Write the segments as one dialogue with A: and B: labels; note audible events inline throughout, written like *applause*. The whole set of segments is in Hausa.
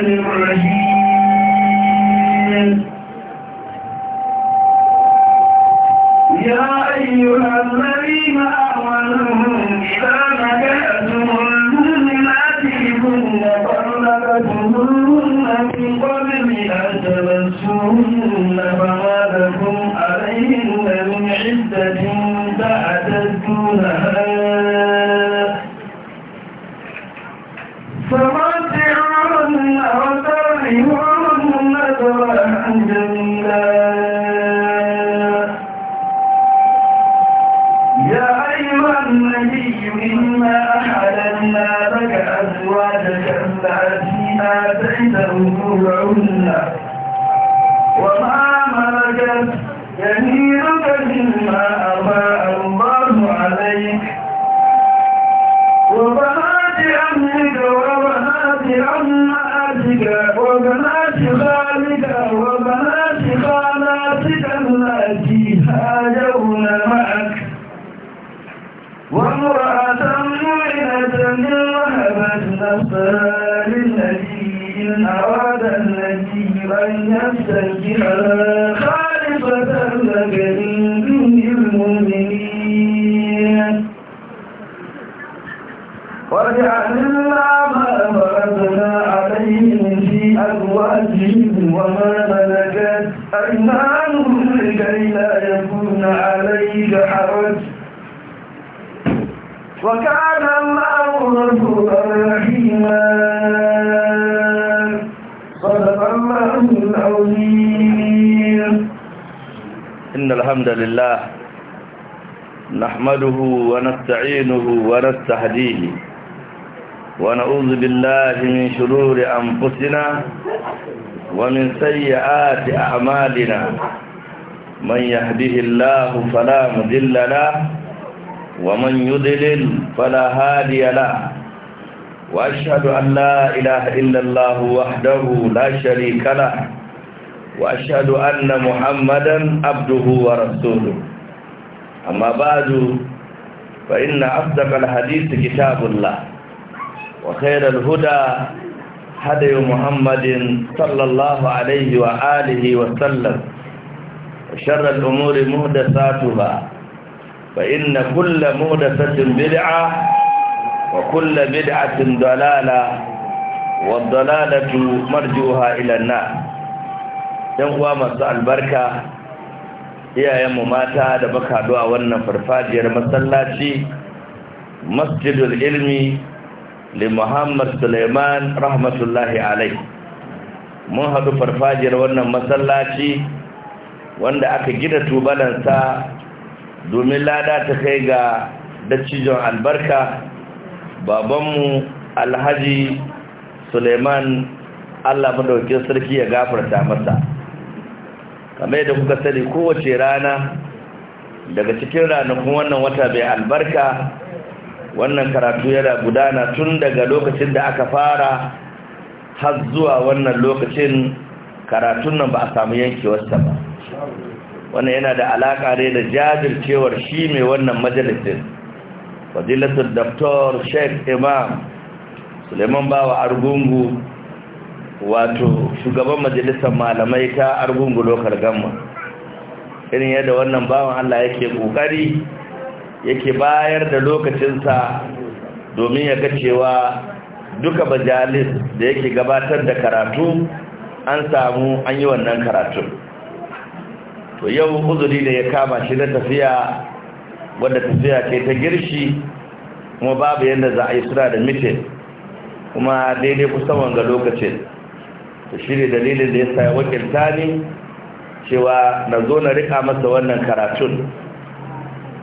A: Gracias. وكان الله غفورا رحيما صدق الله العظيم
B: إن الحمد لله نحمده ونستعينه ونستهديه ونعوذ بالله من شرور أنفسنا ومن سيئات أعمالنا من يهده الله فلا مضل له ومن يضلل فلا هادي له وأشهد أن لا إله إلا الله وحده لا شريك له وأشهد أن محمدا عبده ورسوله أما بعد فإن أصدق الحديث كتاب الله وخير الهدى هدي محمد صلى الله عليه وآله وسلم وشر الأمور مهدساتها فإن كل مودثة بدعة وكل بدعة ضلالة والضلالة مرجوها إلى uwa masu albarka, البركة iyayenmu mata da baka a wannan farfajiyar masallaci masjidul ilmi li muhammad suleiman rahmatullahi alai mun haɗu farfajiyar wannan masallaci wanda aka gina tubalansa domin lada ta kai ga dattijon albarka babanmu alhaji suleiman allah madaukin sarki ya gafarta masa kamar yadda kuka sani kowace rana daga cikin ranakun wannan wata bai albarka wannan karatu yana gudana tun daga lokacin da aka fara har zuwa wannan lokacin karatun nan ba a samu yankewarsa ba wannan yana da alaƙa ne da jajircewar shi mai wannan majalisin fadilatul daftar sheikh imam suleiman bawa argungu wato shugaban majalisar malamai ta argungu lokar gamma irin yadda wannan bawan allah yake kokari yake bayar da lokacinsa domin ya ga cewa duka bajalis da yake gabatar da karatu an samu an yi wannan karatun to yau uzuri da ya kama shi na tafiya wadda tafiya ce ta girshi kuma babu yadda za a yi suna da mitin kuma daidai kusan wanga lokacin to shi ne dalilin da ya sa wakilta ni cewa na zo na rika masa wannan karatun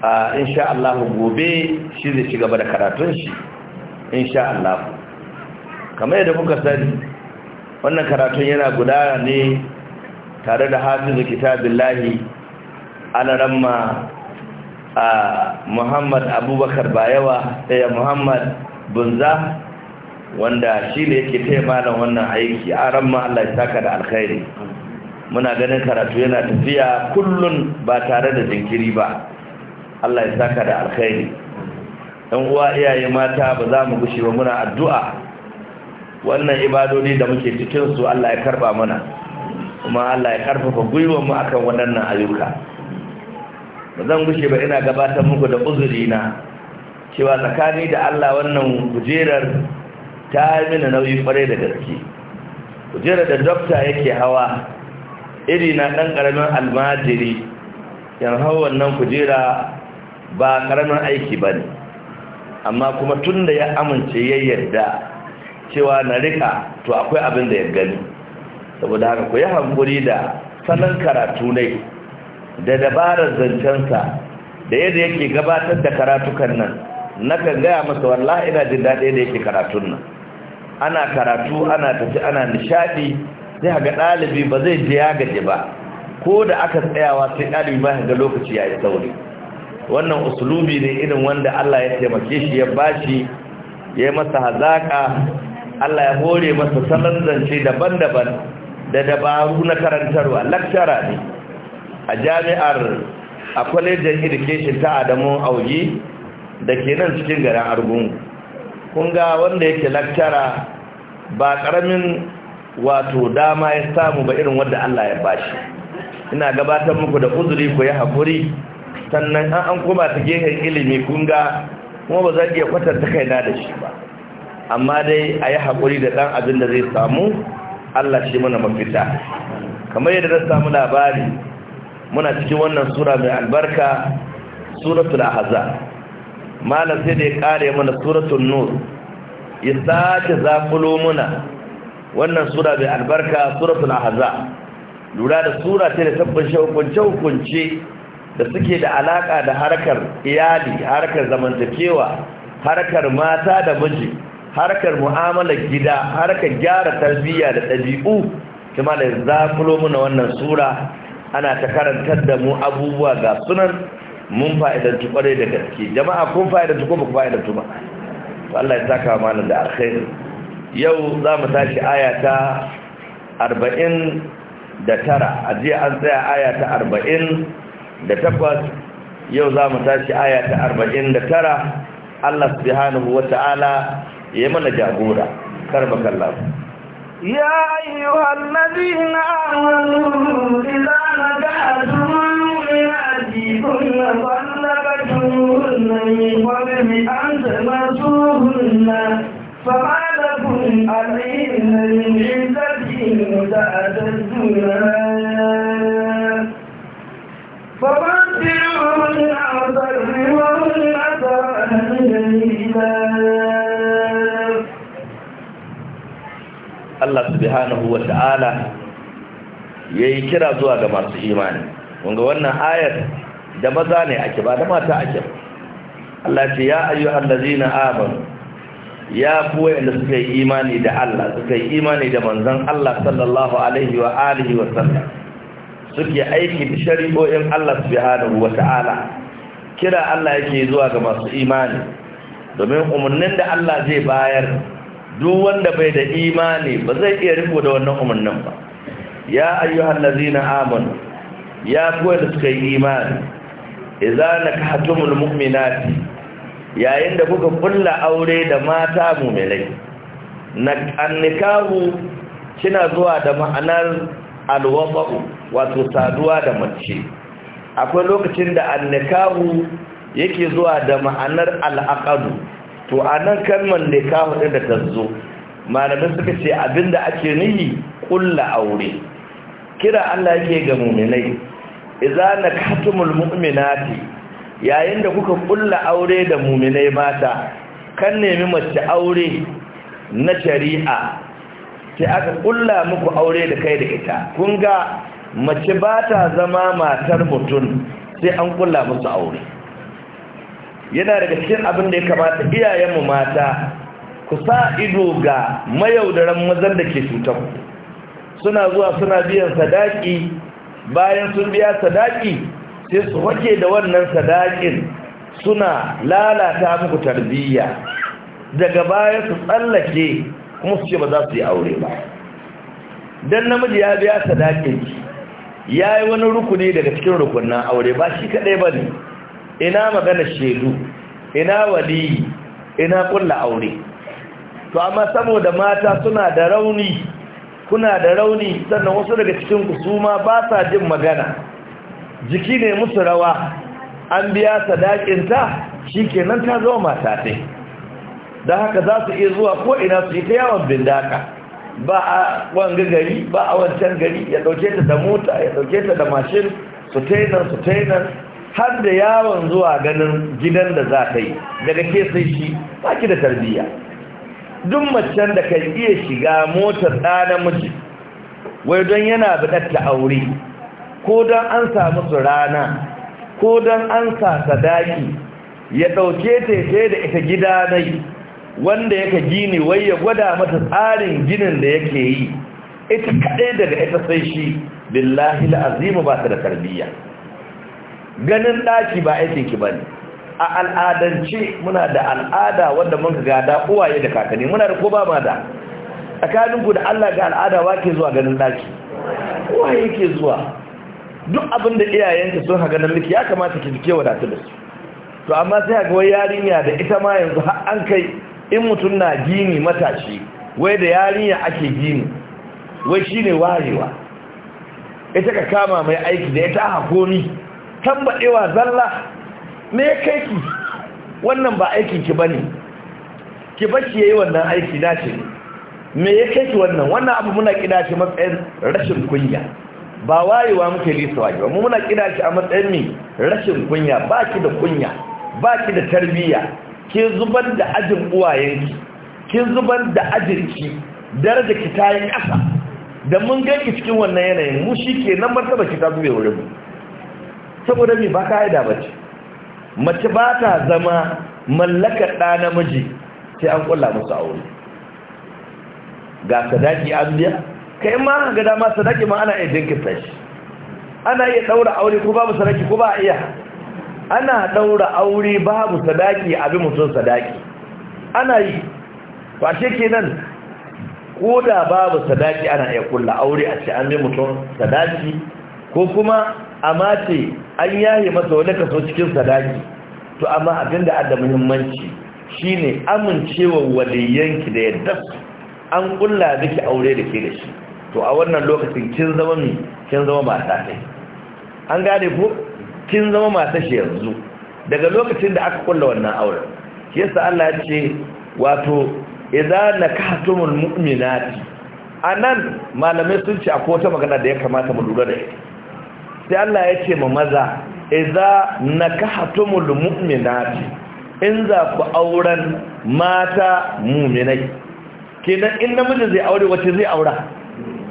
B: a insha Allah gobe shi zai ci gaba da karatun shi insha Allah kamar yadda kuka sani wannan karatun yana gudana ne tare da hafizu kitabillahi alaramma a muhammad abubakar bayawa ɗaya muhammad bunza wanda shi ne yake taya malam wannan aiki a ramma allah ya saka da alkhairi muna ganin karatu yana tafiya kullum ba tare da jinkiri ba allah ya saka da alkhairi ɗan uwa iyaye mata ba za mu gushe ba muna addu'a wannan ibadoni da muke cikinsu allah ya karba mana kuma Allah ya karfafa gwiwar mu akan waɗannan ayyuka ba zan gushe ba ina gabatar muku da uzuri na cewa tsakani da Allah wannan kujerar ta yi mini nauyi kwarai da gaske kujerar da dokta yake hawa iri na ɗan ƙaramin almajiri yan hau wannan kujera ba ƙaramin aiki ba ne amma kuma tun da ya amince ya yarda cewa na rika to akwai abin da ya gani saboda haka ku yi hankuri da sanin karatu ne da dabarar zancensa da yadda yake gabatar da karatukan nan na kan gaya masa wallahi ina jin daɗi da yake karatun nan ana karatu ana tafi ana nishaɗi sai ga ɗalibi ba zai je ya gaje ba ko da aka tsayawa sai ɗalibi ba ga lokaci ya yi sauri wannan usulubi ne irin wanda Allah ya taimake shi ya bashi ya yi masa hazaƙa Allah ya hore masa salon zance daban-daban da dabaru na karantarwa lakcara ne a jami'ar a kwalejin education ta adamu auji da ke nan cikin garin argungu Kunga wanda yake lakcara ba karamin wato dama ya samu ba irin wadda allah ya bashi ina gabatar muku da uzuri ku yi haƙuri sannan an an kuma ta gehen ilimi kunga, kuma ba zan iya kwatanta kaina da shi ba amma dai a yi haƙuri da ɗan abin da zai samu Allah shi mana mafita kamar yadda na samu labari muna cikin wannan sura mai albarka suratul ahza malam sai da ya kare mana suratul nur ya sace zakulo muna wannan sura mai albarka suratul ahza lura da sura ce da tabbashe hukunce hukunce da suke da alaka da harkar iyali harkar zamantakewa harkar mata da miji harkar mu'amalar gida harkar gyara tarbiyya da ɗabi'u kuma da zafulo muna wannan sura ana ta karantar da mu abubuwa ga sunan mun fa'idantu kwarai da gaske jama'a kun fa'idantu ko ba ku fa'idantu ba to Allah ya saka mana da alkhairi yau za mu tashi aya ta 49 a jiya an tsaya aya ta 48 yau za mu tashi aya ta 49 Allah subhanahu ta'ala. ya mana jagora karba kallahu
A: يا أيها الذين آمنوا إذا نجعتم يأتيكن فلقتمهن من قبل أن تمسوهن فما لكم عليهن من عزة تعتدونها فمتعوهن وسرحوهن سراحا جميلا
B: Allah subhanahu wa ta'ala yi kira zuwa ga masu imani kunga wannan ayar da maza ne ake ba da mata ake Allah ce ya ayyuhal ladzina amanu ya kuwa inda suka yi imani da Allah suka yi imani da manzan Allah sallallahu alaihi wa alihi wa sallam suke aiki da shari'o'in Allah subhanahu wa ta'ala kira Allah yake zuwa ga masu imani domin umarnin da Allah zai bayar duk wanda bai da imani ba zai iya riko da wannan umarnin ba ya ayyuhan ladzina amanu ya kuwa da suka yi imani idza nakahtumul mu'minati yayin da kuka kulla aure da mata mu'minai annikahu kina zuwa da ma'anar alwafa'u wato saduwa da mace akwai lokacin da annikahu yake zuwa da ma'anar al'aqadu to a nan kalmar ne ka hudu da ta zo malamin suka ce abinda ake nihi ƙulla aure kira Allah yake ga muminai idza nakatumul mu'minati yayin da kuka ƙulla aure da muminai mata kan nemi mace aure na shari'a sai aka ƙulla muku aure da kai da ita kun ga mace ba ta zama matar mutum sai an kulla musu aure yana daga cikin abin da ya kamata iyayen mu mata ku sa ido ga mayaudaran mazan da ke cutar suna zuwa suna biyan sadaki bayan sun biya sadaki sai su wake da wannan sadakin suna lalata muku tarbiyya daga baya su tsallake kuma su ce ba za su yi aure ba don namiji ya biya sadakin ya yi wani rukuni daga cikin rukunan aure ba shi kaɗai ba ne ina magana shedu ina waliyi ina kulla aure to amma saboda mata suna da rauni kuna da rauni sannan wasu daga cikin ku su ba sa jin magana jiki ne musu rawa an biya sadakinta shikenan ta zama mata ta haka za su iya zuwa ko ina su yi ta yawon bindaka ba a wanga gari ba a wancan gari ya dauke ta da mota ya dauke ta da mashin su tainan su tainan har da yawon zuwa ganin gidan da za ka yi daga ke sai shi ba ki da tarbiyya duk macen da kan iya shiga motar ɗa namiji wai don yana buɗar ta aure ko don an samu su rana ko don an sa sadaki ya ɗauke tete da ita gida nai wanda yaka gini wai ya gwada mata tsarin ginin da yake yi ita kaɗai daga ita sai shi billahi la'azimu ba ta da tarbiyya ganin ɗaki ba aikin ki bane a al'adance muna da al'ada wanda mun ga da, uwaye da kakanni muna da ko ba ma da tsakaninku da Allah ga al'ada wa ke zuwa ganin ɗaki uwaye ke zuwa duk abin da iyayenka sun haga na miki ya kamata ki dike wadatu da su to amma sai ga wai yarinya da ita ma yanzu har an kai in mutum na gini matashi wai da yarinya ake gini wai shine warewa ita ka kama mai aiki da ita a hakoni tambadewa zalla me kai ki wannan ba aikin ki bane ki bacci yayi wannan aiki na ce me ya kai ki wannan wannan abu muna kida shi matsayin rashin kunya ba wayewa muke lisawa ba mu muna kida shi a matsayin me rashin kunya baki da kunya ba ki da tarbiyya ki zubar da ajin uwayenki ki zubar da ajinki daraja ki ta yi ƙasa da mun ganki cikin wannan yanayin mu shi ke nan martaba ki ta zube wurin mu saboda mai ba ka'ida ba ce mace ba ta zama mallakar ɗa namiji sai an ƙulla musu aure ga sadaki an biya kai ma ga dama sadaki ma ana iya jinkirta shi ana iya ɗaura aure ko babu sadaki ko ba a iya ana ɗaura aure babu sadaki abin mutum sadaki ana yi kwashe nan ko da babu sadaki ana iya kulla aure a ce an bi mutum sadaki ko kuma amma ce an yaye masa wani kaso cikin sadaki to amma abin da muhimmanci shine amincewa wadayyanki da yadda an kulla miki aure da ke da shi to a wannan lokacin kin zama mi kin zama mata kai an gane ko kin zama mata shi yanzu daga lokacin da aka kulla wannan auren yasa Allah ya ce wato idza nakahtumul mu'minati anan malamai sun ce akwai wata magana da ya kamata mu lura da ita sai Allah ya ce ma maza idza nakahatumul mu'minati in za ku auren mata mu'minai kenan in namiji zai aure wace zai aura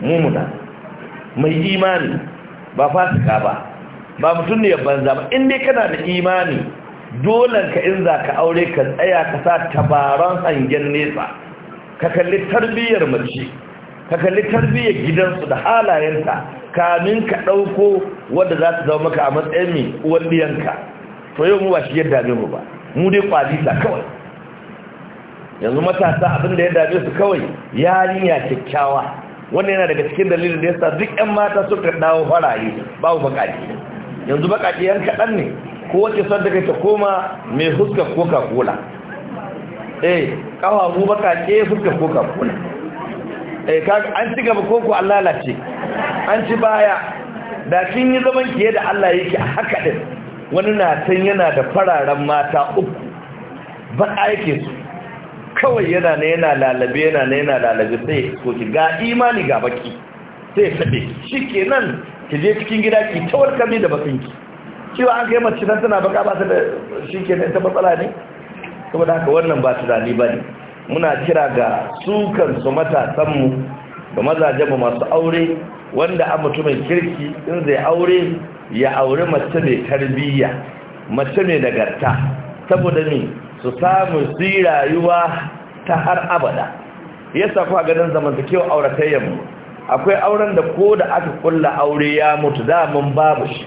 B: mu'mina mai imani ba fasika ba ba mutum ne banza ba in dai kana da imani dolan ka in za ka aure ka tsaya ka sa tabaran hangen nesa ka kalli tarbiyyar mace ka kalli tarbiyyar gidansu da halayenta kamin ka ɗauko wadda za su zama maka a matsayin mai uwan diyanka to yau mu ba shi yadda ne mu ba mu dai ta kawai yanzu matasa abin da ya dame su kawai yarinya kyakkyawa wanda yana daga cikin dalilin da ya sa duk 'yan mata ka dawo faraye babu bakaki yanzu bakaki yan kaɗan ne ko wace son da kai ta koma mai huskar coca-cola eh ƙawa mu bakaƙe ko coca-cola Eh, an ci gaba koko an lalace an ci baya da kin yi zaman kiye da Allah yake a haka din wani na san yana da fararen mata uku ba a yake su kawai yana na yana lalabe yana na yana lalabe sai ko ki ga imani ga baki sai saɓe shi ke nan ki je cikin gida ki ta warkar da bakin ki, cewa an kai mace nan tana baka ba ta da shi ke nan ta matsala ne saboda haka wannan ba tunani ba ne muna kira ga sukan su matasanmu ga mazaje masu aure wanda a mutumin kirki in zai aure ya aure mace mai tarbiyya mace mai nagarta saboda ne su samu su rayuwa ta har abada ya safa ganin zamantakewa auratayyanmu akwai auren da ko da aka kulla aure ya mutu damun babu shi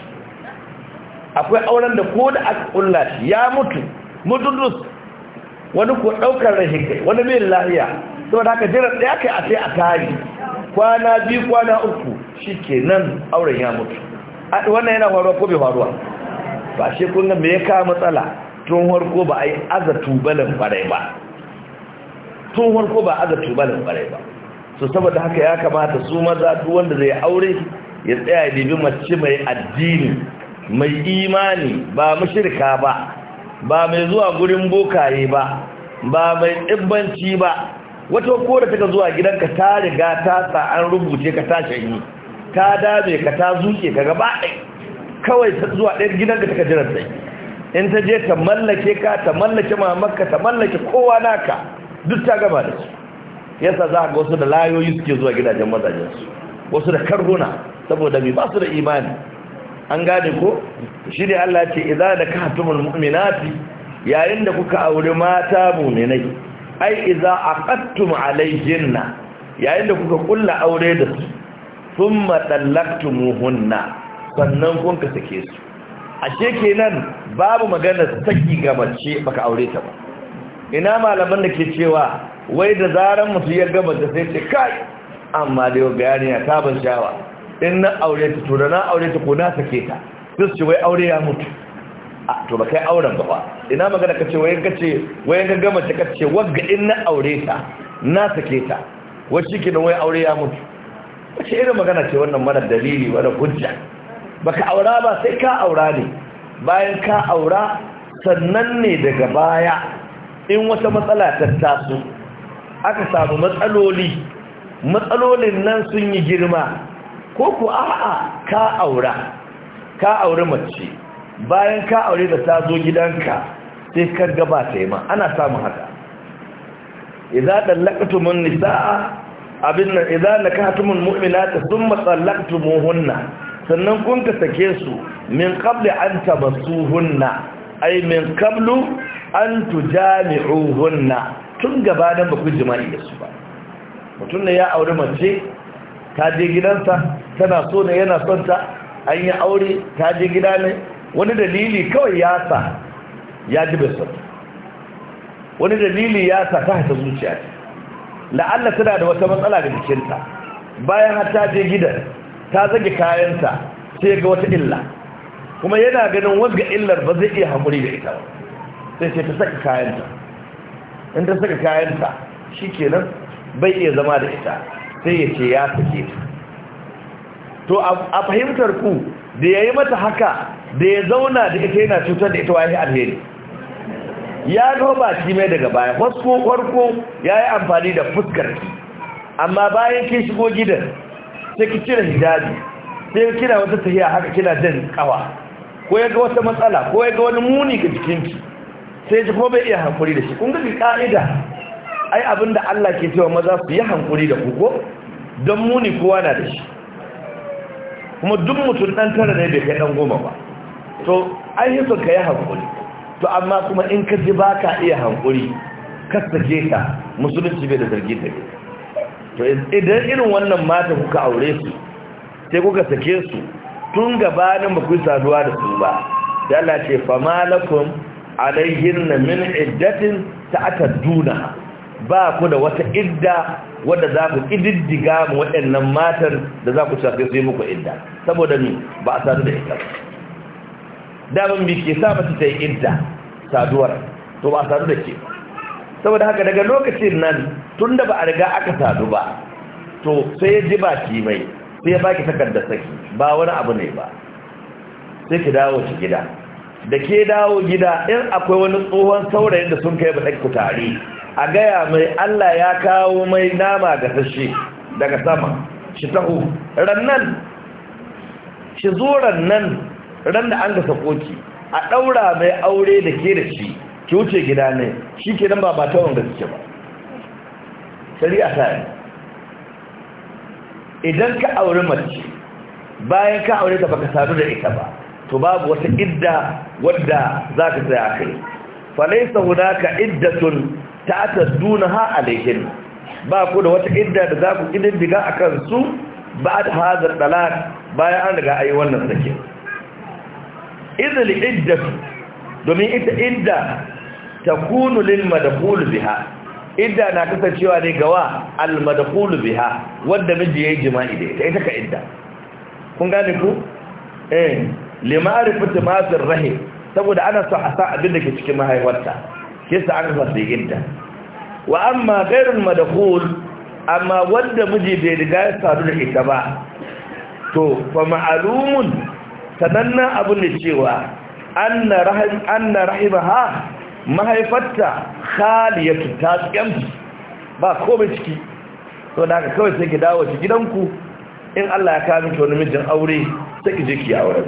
B: akwai auren da ko da aka kulla shi ya mutu mutudus wani ko ɗaukar rashin kai wani mai lahiya saboda haka jira ɗaya kai a sai a tari kwana bi kwana uku shi ke nan auren ya mutu wannan yana faruwa ko bai faruwa ba shi kun ga me ya ka matsala tun harko ba a yi aza tubalin kwarai ba tun harko ba aza tubalin kwarai ba so saboda haka ya kamata su maza duk wanda zai aure ya tsaya ya bibi mace mai addini mai imani ba mushrika ba ba mai zuwa gurin bokaye ba ba mai tsibbanci ba wata ko da taka zuwa gidanka ta riga ta sa an rubuce ka ta shayi ta dame ka ta zuke ka gaba ɗai kawai ta zuwa ɗayar gidanka taka jiran sai in ta je ta mallake ka ta mallake mamakka ta mallake kowa naka duk ta gaba da su yasa za ga wasu da layoyi suke zuwa gidajen su. wasu da karhuna saboda mai ba su da imani an gane ko shi ne Allah ce idza da kahtumul mu'minati yayin da kuka aure mata mu'minai ai idza aqattum alayhinna yayin da kuka kulla aure da su thumma dallaqtumuhunna sannan kun ka sake su ashe kenan babu magana saki ga mace baka aure ta ba ina malaman da ke cewa wai da zaran mutu ya gaba da sai ce kai amma da yau bayani ta ban shawa in na aure ta to na aure ta ko na ke ta duk ce wai aure ya mutu A to ba kai auren ba ba ina magana ka ce wayan kace wayan gaggar ta ka ce wagga in na aure ta na ta ke ta wacce ke nan wai aure ya mutu wacce irin magana ce wannan mara dalili mara hujja baka aura ba sai ka aura ne bayan ka aura sannan ne daga baya in wata matsala ta taso aka samu matsaloli matsalolin nan sun yi girma ko ku a'a ka aura ka aure mace bayan ka aure da ta zo gidanka sai ka gaba ta yi ma ana samun haka idza dallaqtumun nisaa abin nan idza nakahtumul mu'minata thumma dallaqtumuhunna sannan kun ka sake su min qabli an tamassuhunna ay min qablu an tujami'uhunna tun gabanin ba ku jima'i da su ba mutum ne ya aure mace ta je gidansa tana so ne yana son ta an yi aure ta je gida ne wani dalili kawai ya sa ya ji bai son wani dalili ya sa ta hata zuciya ce la'alla tana da wata matsala ga jikinta bayan har ta je gidan ta zage kayanta sai ga wata illa kuma yana ganin wanga illar ba zai iya haƙuri da ita sai sai ta saka kayanta in ta saka kayanta shi kenan bai iya zama da ita sai ya ce ya sake ta to a fahimtar ku da ya yi mata haka da ya zauna da ita yana cutar da ita waye alheri ya ba shi mai daga baya wasu farko ya yi amfani da fuskar ki amma bayan kin shigo gidan sai ki cire hijabi sai kina wata tahiya haka kina jin kawa ko ya ga wata matsala ko ya ga wani muni ga jikinki sai ji kuma bai iya hankuri da shi kun ga ka'ida ai abinda Allah ke cewa maza su yi hankuri da ku ko don muni kowa na da shi kuma duk mutum ɗan tara ne bai kai ɗan goma ba to an yi ka yi hankuri to amma kuma in ka ji ba ka iya hankuri sake ka musulunci bai da zargi da ke to idan irin wannan mata kuka aure su sai kuka sake su tun gabanin ba ku saduwa da su ba dala ce famalakum alaihin na min iddatin ta duna ba ku da wata idda wadda za ku ƙididdiga mu waɗannan matan da za ku shafe sai muku idda saboda ni ba a sadu da ita damin bi ke sa mace ta yi idda saduwar to ba a sadu da ke saboda haka daga lokacin nan tun da ba a riga aka sadu ba to sai ya ji ki mai sai ya baki takardar saki ba wani abu ne ba sai ki dawo ki gida da ke dawo gida in akwai wani tsohon saurayin da sun kai ba ɗan ku tare a gaya mai Allah ya kawo mai nama ga sashe daga sama shi taho rannan shi zo rannan ran da an ga sakoki a ɗaura mai aure da ke da shi ki wuce gida ne shi ke nan ba ba ta wanda suke ba shari'a ta yi idan ka aure mace bayan ka aure ta baka sadu da ita ba to babu wata idda wadda za ka tsaya a kai falaisa hunaka iddatun Ta ha alaihin ba ku da wata idda da za ku kididdiga akan su ba da hazar talaq bayan an riga ayi wannan sake Izali idda domin ita idda kunu lil madkhul biha idda na kasancewa ne gawa al madkhul biha wanda miji yayi jima'i da ita ita ka idda kun gane ku eh limarifati masir rahim saboda ana so a sa abin da ke cikin mahaifarta kisa an fasihinta wa amma gairun madakul amma wanda miji bai riga ya sadu da ita ba to fa ma'alumun sanannen abin da cewa anna rahim anna rahimaha mahaifatta khaliyatu ta tsamsu ba komai ciki to da ka kawai sai ki dawo ki gidanku in Allah ya kawo miki wani mijin aure sai ki je ki auren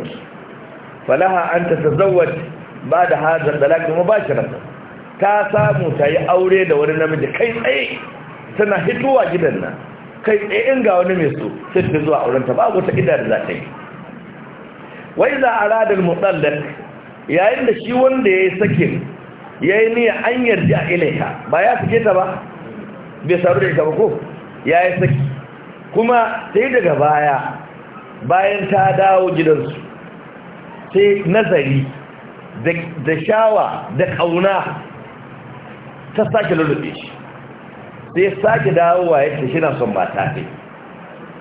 B: falaha an tatazawwaj ba da hadar dalaka mubashiratan ta samu ta yi aure da wani namiji kai tsaye tana hitowa gidan nan kai tsaye in ga wani mai so sai ta zuwa aurenta ba wata gida da za ta yi wai za a radar mutsallar yayin da shi wanda ya yi sakin ya yi niyan an yarda a ilaiha ba ya sake ta ba bai saru da ita ba ko ya yi saki kuma sai daga baya bayan ta dawo gidansu sai nazari da shawa da kauna ta sake lullube shi sai ya sake dawowa ya ce shi na son mata ne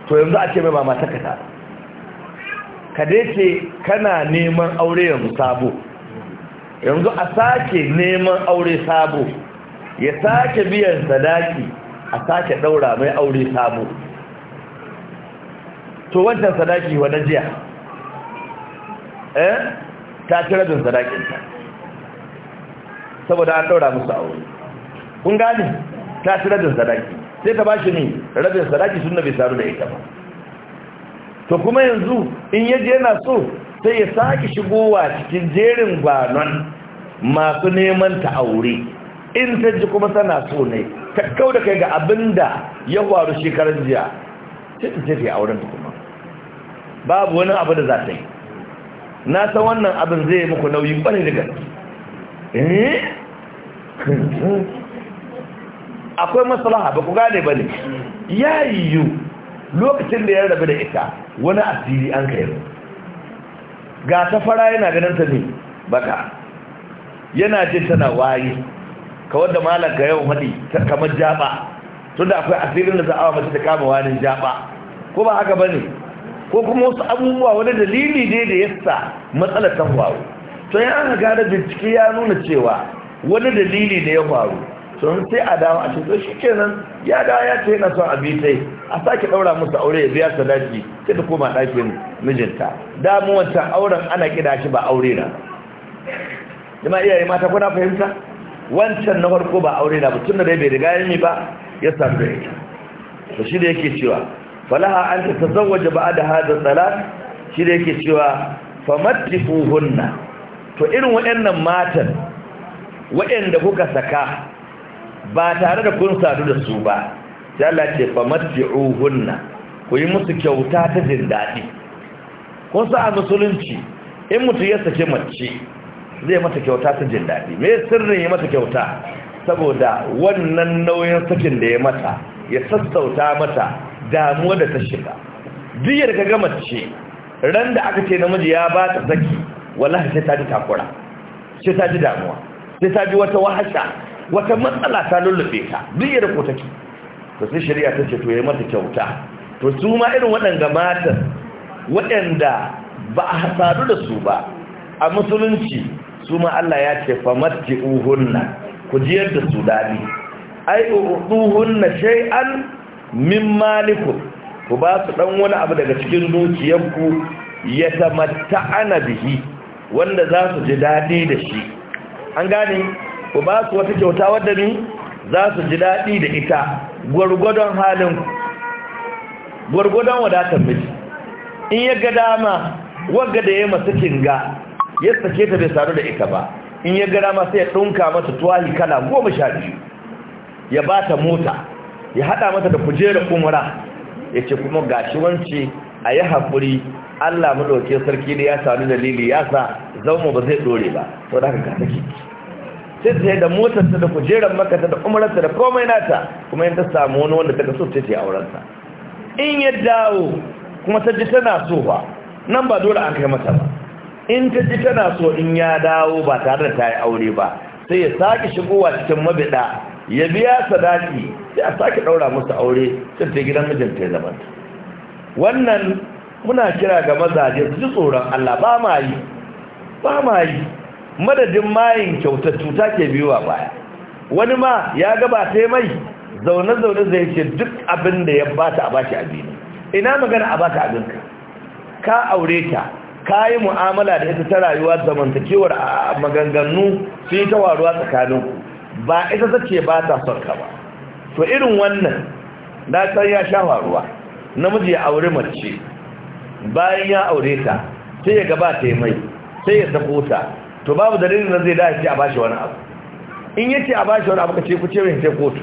B: to yanzu a ce mai ba mata ka ka dai ce kana neman aure yanzu sabo yanzu a sake neman aure sabo ya sake biyan sadaki a sake daura mai aure sabo to wancan sadaki wadda jiya eh ta ci rabin sadakinta saboda an daura musu aure kun gane ta ci rabin sadaki sai ta bashi ne rabin sadaki sunna bai saru da ita ba to kuma yanzu in yaje yana so sai ya sake shigowa cikin jerin gwanon masu neman ta aure in ta ji kuma tana so ne ta kau da kai ga abin da ya faru shekaran jiya sai ta tafi auren kuma babu wani abu da za ta yi na san wannan abin zai muku nauyi bane da gaske eh akwai maslaha ba ku gane ba ne ya yiwu lokacin da ya rabu da ita wani asiri an kai ga ta fara yana ganin ta ne baka yana ce tana waye kawar da malaka yau haɗi ta kamar jaba tunda akwai asirin da za a mace ta kama wani jaba ko ba haka ba ne ko kuma wasu abubuwa wani dalili ne da sa matsalar ta faru to ya an gane bincike ya nuna cewa wani dalili ne ya faru sun sai a dama a cikin shi kenan ya dawo ya ce yana son abi sai a sake daura musu aure ya biya sadaki sai ta koma dakin mijinta damu wancan auren ana kida shi ba aure na jama'a iyaye mata kuna fahimta wancan na farko ba aure na mutum da dai bai riga yi ba ya samu ita to shi da yake cewa falaha an ta tazawwaja ba'da hada salat shi da yake cewa famattifuhunna to irin waɗannan matan waɗanda kuka saka ba tare da kun sadu da su ba sai Allah ce fa matti'uhunna ku yi musu kyauta ta jin daɗi kun sa a musulunci in mutum ya sake mace zai mata kyauta ta jin daɗi me sirrin ya mata kyauta saboda wannan nauyin sakin da ya mata ya sassauta mata damuwa da ta shiga duk ka ga mace ran da aka ce namiji ya ba ta saki wallahi sai ta ji takura sai ta ji damuwa sai ta ji wata wahasha wata matsala ta lullube ta duk yadda ko take to sai shari'a ta ce to yayi mata kyauta to su ma irin waɗanda matan waɗanda ba a hasadu da su ba a musulunci su ma Allah ya ce fa uhunna ku jiyar da su dadi ai uhunna shay'an min malikum ku ba su dan wani abu daga cikin dukiyarku ya tamatta'ana bihi wanda za su ji dadi da shi an gane ku ba su wata kyauta wadda ni za su ji daɗi da ita gwargwadon halin gwargwadon wadatar miji in ya ga dama wagga da ya masu kinga ya sake ta bai saru da ita ba in ya ga dama sai ya ɗunka mata tuwali kala goma sha biyu ya ba ta mota ya haɗa mata da kujerar umara ya ce kuma gashi wance a yi haƙuri allah maɗauki sarki da ya sami dalili ya sa zama ba zai ɗore ba sau da haka ka sake sai ta da motarsa da kujerar makata da umararsa da komai nata kuma yin ta samu wani wanda ta so ta ce aurensa in ya dawo kuma ta ji tana so ba nan ba dole an kai mata ba in ta ji tana so in ya dawo ba tare da ta yi aure ba sai ya sake shigowa cikin mabida ya biya sadaki sai a sake daura musu aure sai ta gidan mijinta ya zamanta wannan muna kira ga mazaje su ji tsoron Allah ba ma yi ba ma yi madadin mayin kyautar cuta ke biyuwa baya wani ma ya gaba sai mai zaune-zaune zai ce duk abin da ya bata a baki abini ina magana a baka abinka ka aure ta ka yi mu'amala da ita ta rayuwa zamantakewar a maganganu su yi tawaruwa tsakaninku ba ita sace ba ta son ka ba to irin wannan na san ya sha waruwa namiji ya aure mace bayan ya aure ta sai ya gaba ta mai sai ya sako to babu dalilin da zai da shi a bashi wani abu in yace a bashi wani abu kace ku ce mai kotu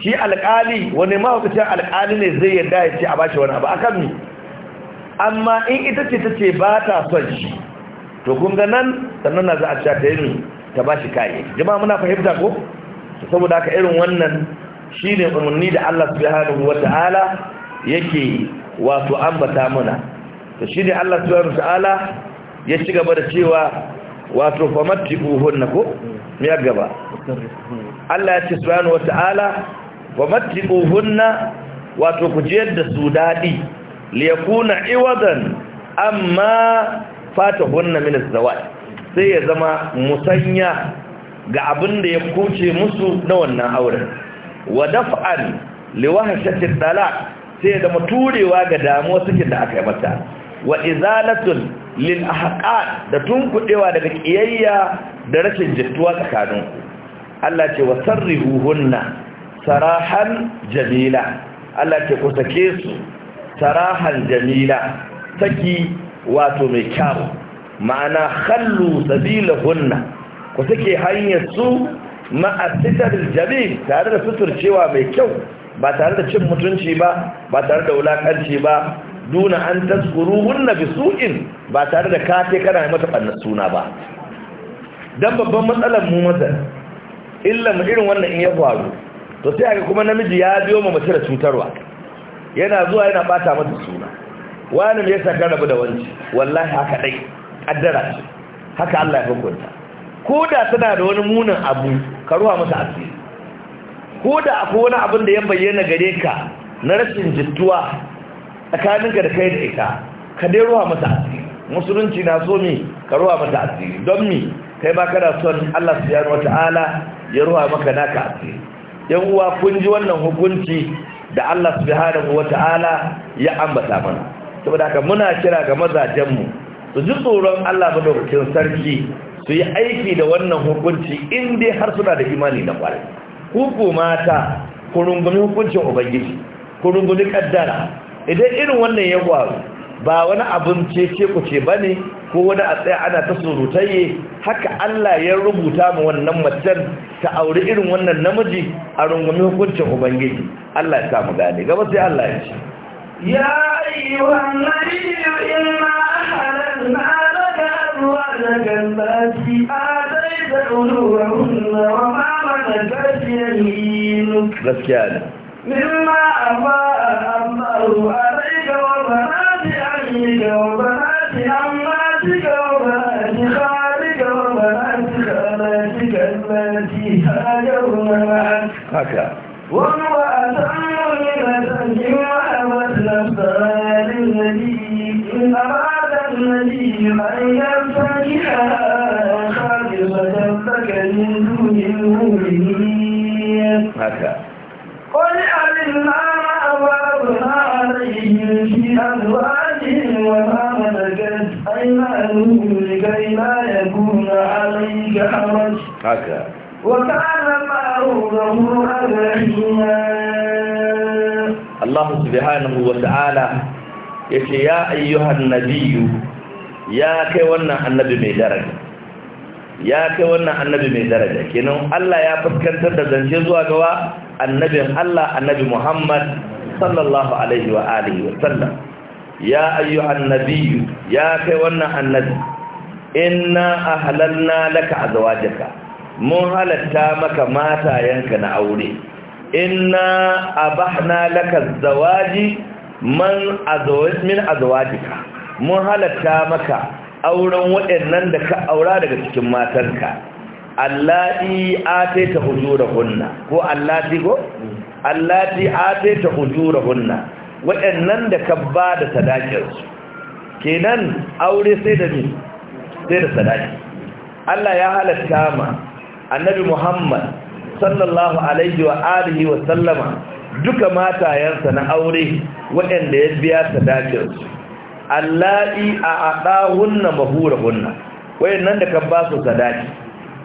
B: shi alƙali wani mahaukacin alƙali ne zai yadda ya ce a bashi wani abu akan ni amma in ita ce ta ce ba ta son shi to kun ga nan sannan na za a sha ta yi ta bashi kaye jama'a muna fahimta ko saboda haka irin wannan shi ne umarni da Allah subhanahu wata'ala yake wato ambata muna to shi ne Allah subhanahu wata'ala ya ci gaba da cewa wato famatti famattibuhunna ko ya gaba Allah ya ce subhanahu wata'ala buhunna wato ku jiyar da su dadi yakuna iwadan amma fatahunna min az-zawaj sai ya zama musanya ga abin da ya kuce musu na wannan auren wa daf'an wahshati talaq sai da muturewa ga damuwa suke da aka yi mata wa izalatun lil ahqad da tunkudewa daga kiyayya da rashin jituwa tsakaninku Allah ce wa sarrihuhunna sarahan jamila Allah ce ku sake su sarahan jamila saki wato mai kyau ma'ana khallu sabilahunna ku sake hanyar su ma'asitar jamil tare da suturcewa mai kyau ba tare da cin mutunci ba ba tare da wulakanci ba duna an taskuru hunna bi su'in ba tare da kafe kana kana mata bannan suna ba dan babban matsalar mu maza illa mu irin wannan in ya faru to sai aka kuma namiji ya biyo mu mace da cutarwa yana zuwa yana bata mata suna wani ne yasa karabu rabu da wanci wallahi haka dai kaddara ce haka Allah ya hukunta ko da tana da wani munin abu ka ruwa mata asiri ko da akwai wani abin da ya bayyana gare ka na rashin jittuwa tsakaninka da kai da ita ka dai ruwa mata asiri musulunci na so mi ka ruwa mata asiri don mi kai ma kana son Allah subhanahu wata'ala ya ruwa maka naka asiri yan uwa kun ji wannan hukunci da Allah subhanahu wata'ala ya ambata mana saboda haka muna kira ga mazajen mu su ji tsoron Allah madaukakin sarki su yi aiki da wannan hukunci in dai har suna da imani na kwarai ku mata ku rungumi hukuncin ubangiji ku rungumi kaddara idan irin wannan ya gwaru ba wani abin cece ce ba ne ko wani a tsaye ana ta surutaye haka Allah ya rubuta ma wannan macen ta auri irin wannan namiji a rungumi hukuncin ubangiji Allah ya samu gane gaba sai Allah ya ce
A: ya ayyuhan nabiyyu inna ahlalna laka azwajaka allati atayta uluhunna wa ma malakat yaminuka gaskiya ne mimma afa أبيك وبنات عمك وبنات عماتك وبنات خالك وبنات خالاتك التي هاجرن معك هكذا وامرأة مؤمنة إن وهبت نفسها للنبي إن أراد النبي أن خالصة لك من دون المؤمنين
B: هكذا haka Allah subhanahu wa ta'ala ya ce ya ayyuhan nabiyu ya kai wannan annabi mai daraja ya kai wannan annabi mai daraja kenan Allah ya fuskantar da zance zuwa gawa annabin Allah annabi Muhammad sallallahu alaihi wa alihi wa sallam ya ayyuhan nabiyyu ya kai wannan annabi laka mun halatta maka matayenka na aure inna abahna laka zawaji man azawaj min azwajika mun halatta maka auren waɗannan da ka aura daga cikin matarka allati ataita hujurahunna ko allati ko allati ataita hujurahunna waɗannan da ka ba da su kenan aure sai da ni sai da sadaki Allah ya halatta ma annabi muhammad sallallahu alaihi wa alihi wa sallama duka matayensa na aure waɗanda ya biya sadakinsu alla'i a Mahura-hunna mahurahunna wayannan da kan ba su sadaki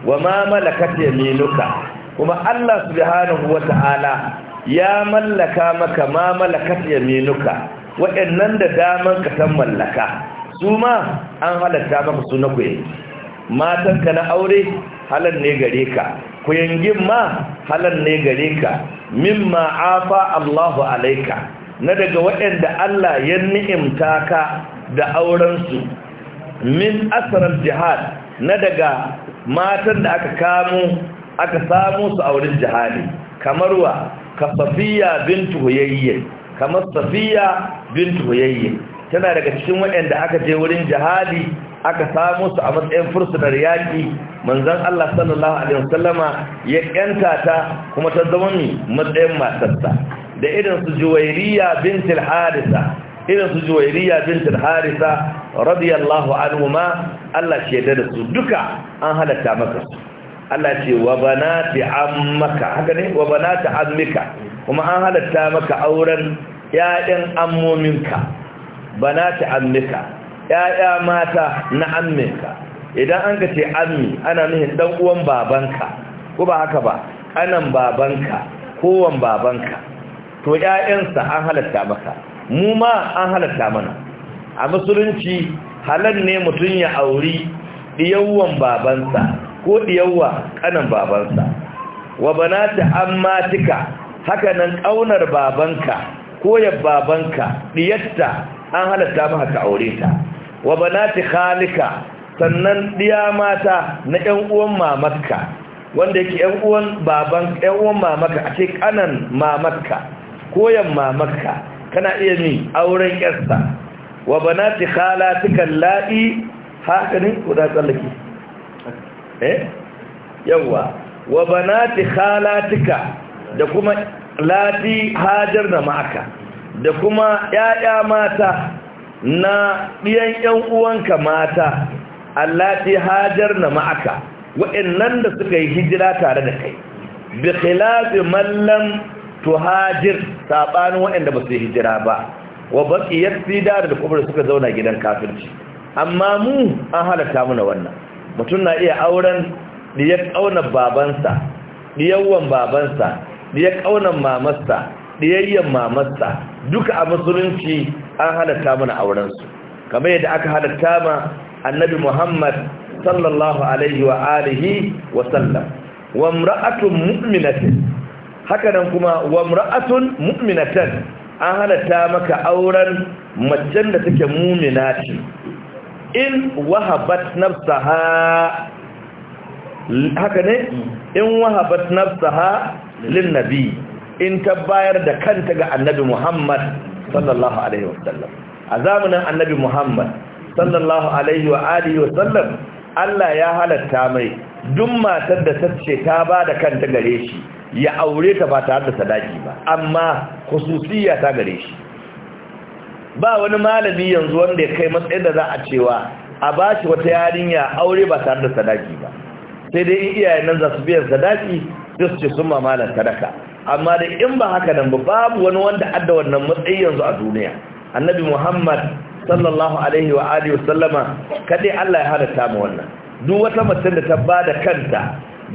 B: wa ma malakat yaminuka kuma Allah subhanahu ta'ala ya mallaka maka ma malakat yaminuka wayannan da daman ka san mallaka su ma an halatta maka su na ku matanka na aure halan ne gare ka kuyangin ma halan ne gare ka mimma afa Allahu alaika na daga waɗanda Allah ya ni'imta ka da aurensu min asarar jihad na daga matan da aka kamo aka samu su auren jihadi kamar wa kafafiya bintu huyayye kamar safiya bintu huyayye tana daga cikin waɗanda aka je wurin jihadi aka samu su a matsayin fursunar yaƙi manzon Allah sallallahu alaihi wasallama ya yanta ta kuma ta zama ni matsayin matarsa da irin su Juwairiya bintul Harisa irin su Juwairiya bintul Harisa radiyallahu anhuma Allah shi da su duka an halatta maka su Allah ce wa banati ammaka haka ne wa banati ammika kuma an halatta maka auren ƴaƴan ammominka banati ammika ya'ya mata na amminka idan an ka ce ammi ana nuhin dan uwan babanka ko ba haka ba kanan babanka kowan babanka to ya'yansa an halatta maka mu ma an halatta mana a musulunci halal ne mutum ya auri diyawwan babansa ko diyawwa kanan babansa wa banata ammatika haka nan kaunar babanka koyar babanka diyatta an halatta maka aure ta wa banati khalika sannan diya mata na ƴan uwan mamatka wanda yake ƴan uwan baban ƴan uwan mamaka a ce kanan mamatka koyan mamatka kana iya ni auren yarsa wa banati khalatika la'i haka ne ko da tsallake eh yawa wa banati khalatika da kuma lati hajar da maka da kuma ‘ya'ya mata na ɗiyan ‘yan uwanka mata allati hajar na ma'aka waɗannan da suka yi hijira tare da kai bi khilafi mallam tuhajir saɓanin waɗanda ba su yi hijira ba wa baƙiyar sidar da kuma suka zauna gidan kafirci amma mu an halatta muna wannan mutum na iya auren ɗiyar ƙaunar babansa ɗiyar wan babansa ɗiyar ƙaunar mamarsa ɗiyayyen mamarsa duka a musulunci an halatta mana aurensu kamar yadda aka halatta ma annabi muhammad sallallahu alaihi wa alihi wa sallam wa mra'atun mu'minatin haka nan kuma wa mra'atun mu'minatan an halatta maka auren macen da take mumina ce in wahabat nafsaha haka ne in wahabat nafsaha lin nabi in ta bayar da kanta ga annabi Muhammad sallallahu alaihi wasallam a zamanin annabi Muhammad sallallahu alaihi wa alihi wasallam Allah ya halatta mai duk matar da ta ce ta ba da kanta gare shi ya aure ta ba tare da sadaki ba amma khususiyya ta gare shi ba wani malami yanzu wanda ya kai matsayin da za a cewa a ba shi wata yarinya aure ba tare da sadaki ba sai dai iyayen nan za su biyan sadaki sai su ce sun mamalan sadaka amma da in ba haka nan ba babu wani wanda adda wannan matsayi yanzu a duniya annabi muhammad sallallahu alaihi wa alihi wasallama kadai Allah ya halatta mu wannan duk wata mace da ta bada kanta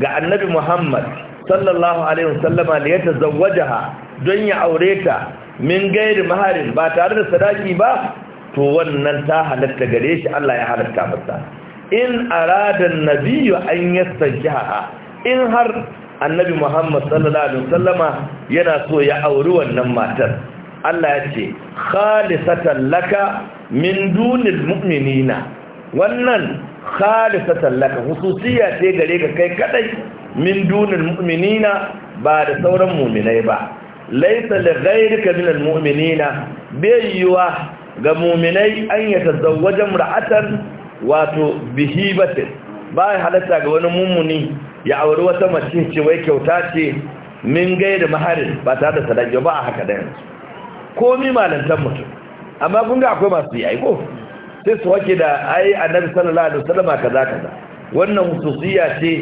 B: ga annabi muhammad sallallahu alaihi wasallama da ya tazawwajaha don ya aure ta min gairi maharin ba tare da sadaki ba to wannan ta halatta gare shi Allah ya halatta masa in arada an-nabiyyu an yastajiha in har annabi muhammad sallallahu alaihi wasallama yana so ya auri wannan matar Allah ya ce khalisatan laka min dunil mu'minina wannan khalisatan laka hususiya ce gare ka kai kadai min dunil mu'minina ba da sauran mu'minai ba Laisa li ghayrika min al mu'minina bayyuwa ga mu'minai an yatazawwaja imra'atan wato bihibatin ba halatta ga wani mummuni ya auri wata mashin ce wai kyauta ce min gai da maharin ba ta da sadaki ba a haka da yanzu komi malantar mutum amma kun ga akwai masu yayi ko sai su wake da ai annabi sallallahu alaihi wasallama kaza kaza wannan hususiya ce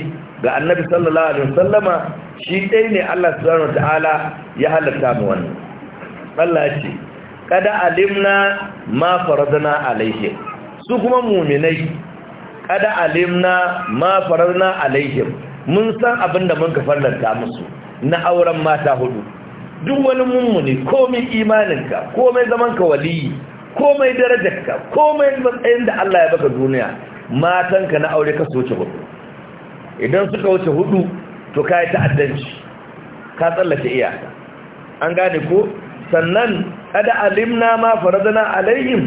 B: ga annabi sallallahu alaihi wasallama shi dai ne Allah subhanahu wataala ya halatta mu wannan Allah ya ce kada alimna ma faradna alaihi su kuma mu'minai kada alimna ma faradna alaihim mun san abin da mun ka musu na auren mata hudu duk wani mummuni komai imaninka komai zamanka waliyi komai darajarka komai matsayin da Allah ya baka duniya matanka na aure ka su wuce hudu idan suka wuce hudu to ka yi ta'addanci ka tsallake iyaka an gane ko sannan kada alimna ma faradana alaihim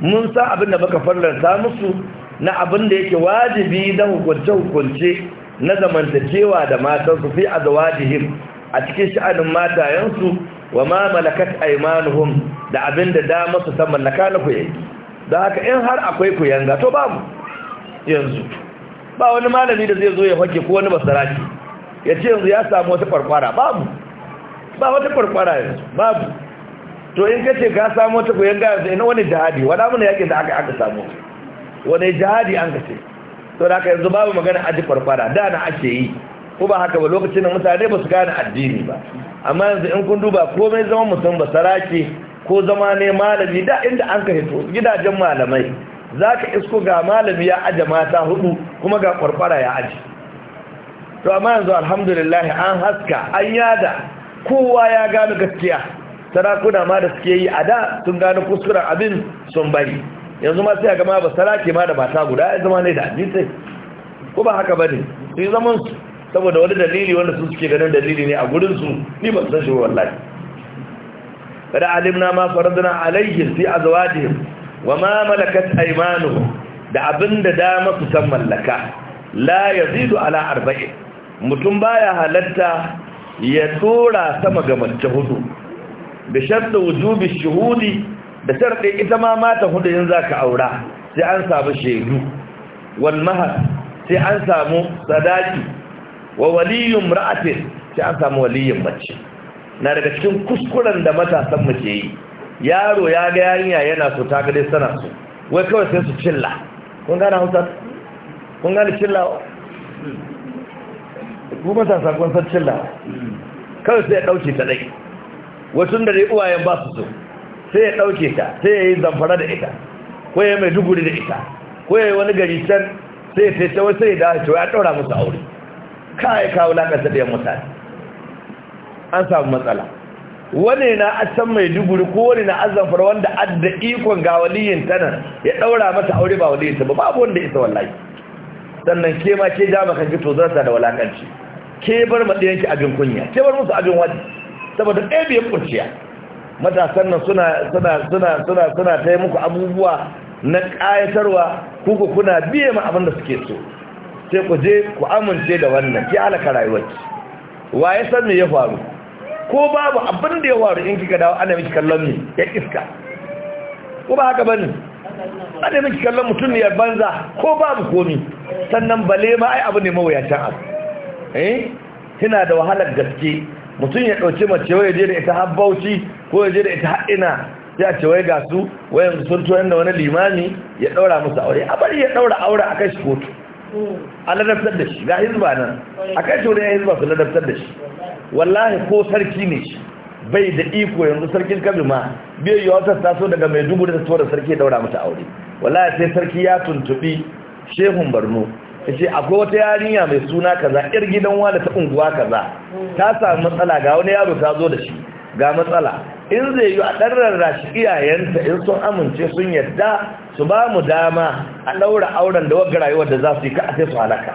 B: mun san abin da muka farlanta musu na abin da yake wajibi da hukunce-hukunce na zamantakewa da matansu fi azwajihim a cikin sha'anin matayensu wa ma malakat aymanuhum da abinda da musu san mallaka na yayi da haka in har akwai ku yanga to babu yanzu ba wani malami da zai zo ya hake ko wani basaraki ya ce yanzu ya samu wata farfara. babu ba wata farfara yanzu babu to in kace ka samu wata ku yanga yanzu ina wani jihadi Wala mana yake da aka aka samu wani jihadi an kace to da haka yanzu babu magana aji farfara da na ake yi ko ba haka ba lokacin da mutane ba su gane addini ba amma yanzu in kun duba komai zama mutum ba sarake ko zama ne malami da inda an ka hito gidajen malamai za ka isko ga malami ya aje mata hudu kuma ga kwarkwara ya aje to amma yanzu alhamdulillah an haska an yada kowa ya gano gaskiya sarakuna ma da suke yi a da sun gano kuskuren abin sun bari yanzu ma sai a gama ba sarake ma da mata guda ya zama ne da hadisai ko ba haka ba ne su yi zaman su saboda wani dalili wanda su suke ganin dalili ne a gurin su ni ban san shi wallahi kada alimna ma faradna alaihim fi azwajihim wa ma malakat aymanuhum da abinda da masu san mallaka la yazidu ala arba'in mutum baya halatta ya tura sama ga mace hudu bi shartu wujubi shuhudi da sharɗin ita ma mata hudu yin za ka aura sai an samu shaidu wal mahar sai an samu sadaki wa waliyun ra'afin sai an samu waliyun mace na daga cikin kuskuren da matasan mu ke yi yaro ya ga yarinya yana so ta ga dai sana so wai kawai sai su cilla kun gane hausa kun gane cillawa ku matasa kun san cilla kawai sai ya ɗauke ta ɗai wasu da dai uwayen ba su so sai ya ɗauke ta sai ya yi zamfara da ita ko ya mai duguri da ita ko ya yi wani gari can sai ya taita wasu ya dawo cewa ya ɗaura musu aure Ka ya kawo lakasa da yan mutane an samu matsala wani na a can mai duguri ko wani na an zamfara wanda da ikon ga waliyin tanan ya ɗaura masa aure ba waliyin ta ba babu wanda isa wallahi sannan ke ma ke ja maka fito za zarta da walakanci ke bar maɗiyanki abin kunya ke bar musu abin wani saboda ɗaya biyan kurciya matasan nan suna suna suna suna suna ta yi muku abubuwa na ƙayatarwa kuku kuna biye ma abin da suke so sai ku je ku amince da wannan ki alaka rayuwarki wa ya san me ya faru ko babu abin da ya faru in kika dawo ana miki kallon me ya iska ko ba haka bane ana miki kallon mutum ne ya banza ko babu komi sannan bale ma ai abu ne mawuyacin abu eh kina da wahalar gaske mutum ya ɗauce mace wai je da ita har bauchi ko ya je da ita haɗina sai ya ce wai ga su wayan sun tuwa da wani limami ya ɗaura musu aure a bari ya ɗaura aure a kai shi kotu a ladabtar da shi ga hizba nan a kai shi ya hizba su ladabtar da shi wallahi ko sarki ne shi bai da iko yanzu sarkin kabi ma bai yi wata taso daga mai dubu da taso da sarki ya ɗaura musu aure wallahi sai sarki ya tuntuɓi shehun barno ta ce akwai wata yarinya mai suna kaza yar gidan wani ta unguwa kaza ta samu matsala ga wani yaro ta zo da shi ga matsala in zai yi a ɗan rarra shi iyayenta in sun amince sun yadda su ba mu dama a ɗaura auren da wagga rayuwar da za su yi ka a sai su halaka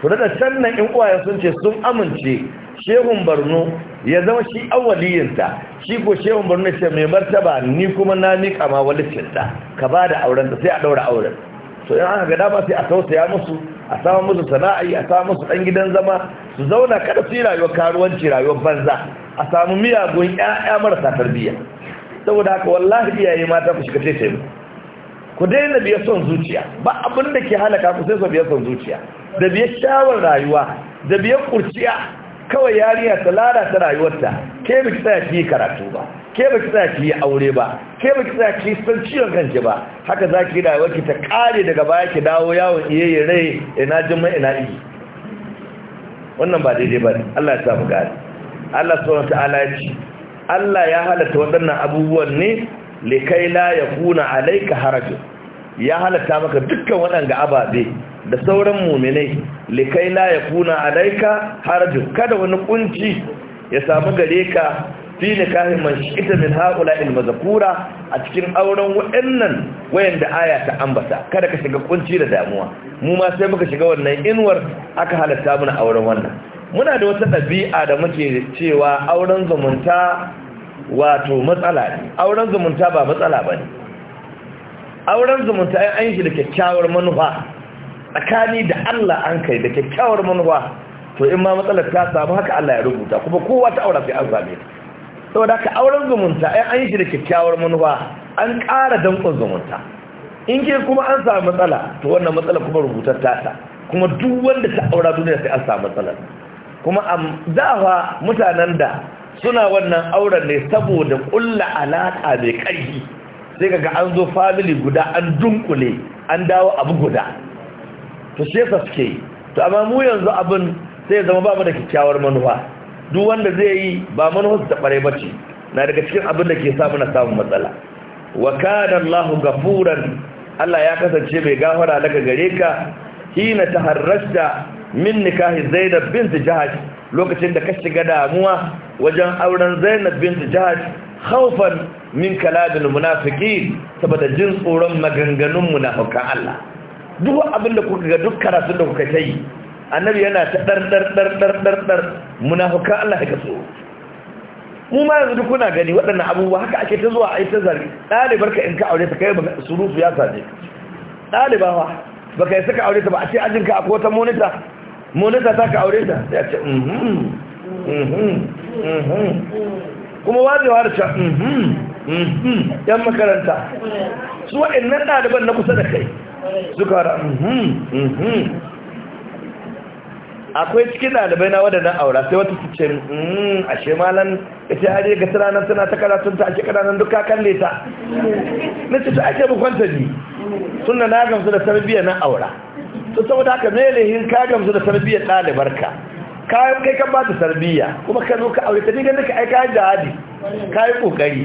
B: su da can nan in uwayen sun ce sun amince shehun barno ya zama shi awaliyinta shi ko shehun barno ce mai martaba ni kuma na miƙa ma walicinta ka ba da auren da sai a ɗaura auren to in aka ga dama sai a tausaya musu a samu musu sana'a a samu musu dan gidan zama su zauna kada su yi rayuwar karuwanci rayuwar banza a samu miyagun ƴaƴa marasa tarbiyya saboda haka wallahi iyaye mata ku shiga taitaye ku daina biya son zuciya ba abin da ke halaka ku sai su biya son zuciya da biya shawar rayuwa da biya kurciya kawai yariya ta lalata rayuwarta ke biki tsaya ki karatu ba ke ba ki zaki ki yi aure ba ke ba ki zaki ki san ciwon kanki ba haka za ki waki ta kare daga baya ki dawo yawon iyaye rai ina jima ina iyi wannan ba daidai ba ne Allah ya samu gari Allah subhanahu ta'ala ya Allah ya halatta waɗannan abubuwan ne likai la kuna alaika harajin ya halatta maka dukkan waɗanga ababe da sauran muminai likai la kuna alaika harajin kada wani kunci ya samu gare ka fi nikahin man ita min haula'il mazkura a cikin auren waɗannan wayanda aya ta ambata kada ka shiga kunci da damuwa mu ma sai muka shiga wannan inwar aka halatta mana auren wannan muna da wata dabi'a da muke cewa auren zumunta wato matsala ne auren zumunta ba matsala bane. auren zumunta an shi da kyakkyawar manufa tsakani da Allah an kai da kyakkyawar manufa to in ma matsalar ta samu haka Allah ya rubuta kuma kowa ta aura sai an same ta saboda ka auren zumunta ai an yi shi da kyakkyawar manufa an ƙara danƙon zumunta in ke kuma an samu matsala to wannan matsala kuma rubutar tata kuma duk wanda ta aura duniya sai an samu matsala kuma dawa mutanen da suna wannan auren ne saboda ƙulla alaƙa mai ƙarfi sai kaga an zo family guda an dunkule an dawo abu guda to shefa suke to amma mu yanzu abin sai zama ba mu da kyakkyawar manufa duk wanda zai yi ba manhaj ta bare bace na daga cikin abin da ke sa muna samun matsala wa kana Allahu gafuran Allah ya kasance mai gafara daga gare ka hina taharrasta min nikahi Zainab bint Jahash lokacin da ka shiga damuwa wajen auren Zainab bint Jahash haufan min kalamil munafiqin saboda jin tsoron maganganun munafikan Allah duk abin da kuka ga duk karatun da kuka yi annabi yana ta ɗarɗarɗarɗarɗar munafukan Allah ya so mu ma yanzu kuna gani waɗannan abubuwa haka ake ta zuwa ai ta zari ɗalibar ka in ka aure ta kai ba surufu ya saje. ɗalibawa ba kai yi suka aure ta ba a ce ajin ka akwai wata monita monita ta ka aure ta ya ce mm-hmm, mm-hmm, mm-hmm. kuma wajewa da mhm yan makaranta su waɗannan ɗaliban na kusa da kai suka mhm akwai cikin ɗalibai na waɗannan aura sai wata ce a hmm, ashe malan ita hajji ga tana nan ta karatun ta ake kananan duka kalle ta na ta ake bukwanta ji suna na gamsu da tarbiyyar na aura da saboda haka hin ka gamsu da tarbiyyar ɗalibarka kayan kai kan ba ta tarbiyya kuma ka zo ka aure ta ni ganin ka aika jihadi ka yi ƙoƙari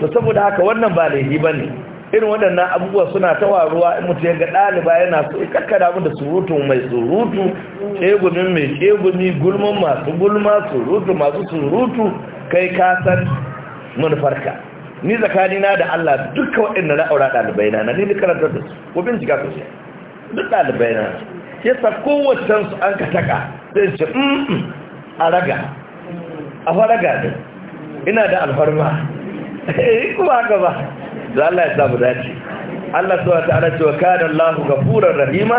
B: to saboda haka wannan ba laifi ba ne irin waɗannan abubuwa suna ta waruwa in mutu ga ɗaliba yana so ya kakkada mu da surutu mai surutu kegumin mai kegumi gulman masu gulma surutu masu surutu kai kasan manufarka ni tsakanina da Allah duka waɗanda na aura ɗalibai na ni karanta da su ko bincika su ce duk ɗalibai na ya sa kowace su an ka taka sai ce a raga a faraga ne ina da alfarma *laughs* eh kuma haka ba da Allah ya samu dace Allah subhanahu ta'ala cewa kana Allahu ghafurur rahima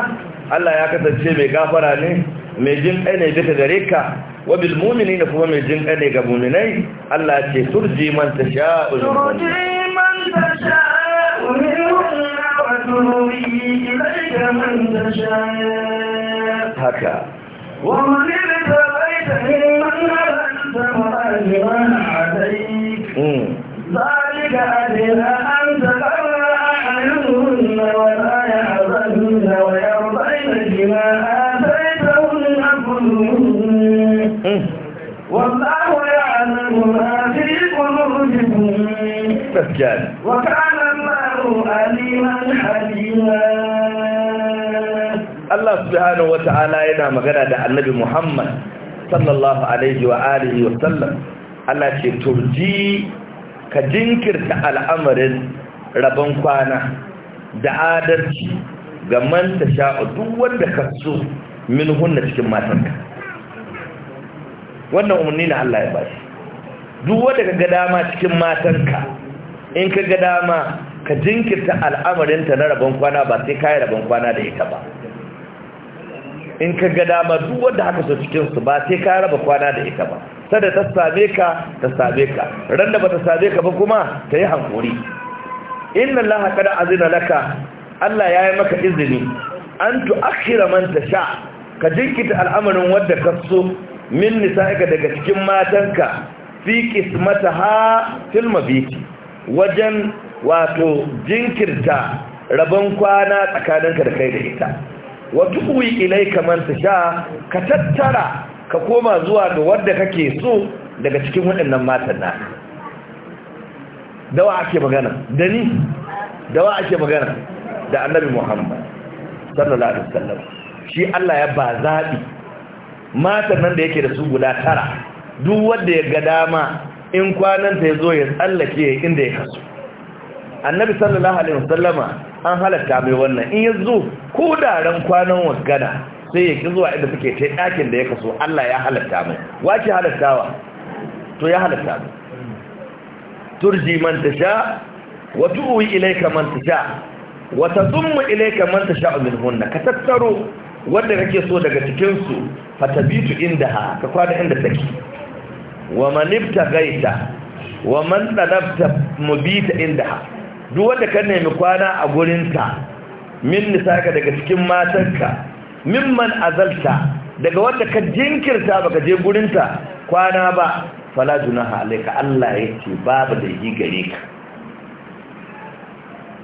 B: Allah ya kasance mai gafara ne mai jin kai ne bisa gare ka wa bil da kuma mai jin kai ne ga mu'minai Allah ce turji man tasha'u turji
A: man tasha'u minhum wa turji ilayka man tasha'u haka wa man tabaita mimman anta ma'aliman alayk hmm. ذلك أدنى أن تقر أعينهن ولا يحزن ويرضين بما آتيتهن كلهن والله يعلم ما في قلوبكم وكان الله عليما حكيما
B: Allah subhanahu wa ta'ala yana magana da annabi Muhammad sallallahu alaihi wa alihi wa sallam Allah ce turji ka jinkirta al'amarin rabon kwana da adalci ga manta sha'u duk wanda ka so min hunna cikin matanka wannan umarni na Allah ya bashi duk wanda ka ga dama cikin matanka in ka ga dama ka jinkirta al'amarinta na rabon kwana ba sai kayi rabon kwana da ita ba in ka ga dama duk wanda haka so cikinsu ba sai ka raba kwana da ita ba sada ta same ka ta same ka ran da bata same ka ba kuma ta yi hankuri inna Allah kada azina laka Allah ya yi maka izini an tu'akhira man tasha ka jinkita al'amarin wadda ka so min nisa'ika daga cikin matanka fi qismataha fil mabiti wajen wato jinkirta rabon kwana tsakaninka da kai da ita wata kuwi ilai ka manta sha ka tattara ka koma zuwa ga wadda kake so daga cikin waɗannan matan na dawa ake magana da ni dawa ake magana da annabi muhammad sallallahu alaihi wasallam shi Allah ya ba zaɓi matan nan da yake da su guda tara duk wanda ya ga dama in kwananta ya zo ya tsallake inda ya kasu annabi sallallahu alaihi wasallama an halatta mai wannan in yazo ko da ran kwanan wasgana sai ya ki zuwa inda suke tai ɗakin da ya kaso Allah ya halatta mai wace halattawa to ya halatta mai turji man tasha wa tu'wi ilayka man tasha wa tadummu ilayka man tasha min hunna ka tattaro wanda kake so daga cikin su inda indaha ka kwana inda take wa man gaita, wa man talabta mubita indaha duk wanda ka nemi kwana a gurinta min ka daga cikin matanka mimman azalta daga wanda ka jinkirta baka je gurinta kwana ba fala junaha alaika Allah yake babu da yi gare ka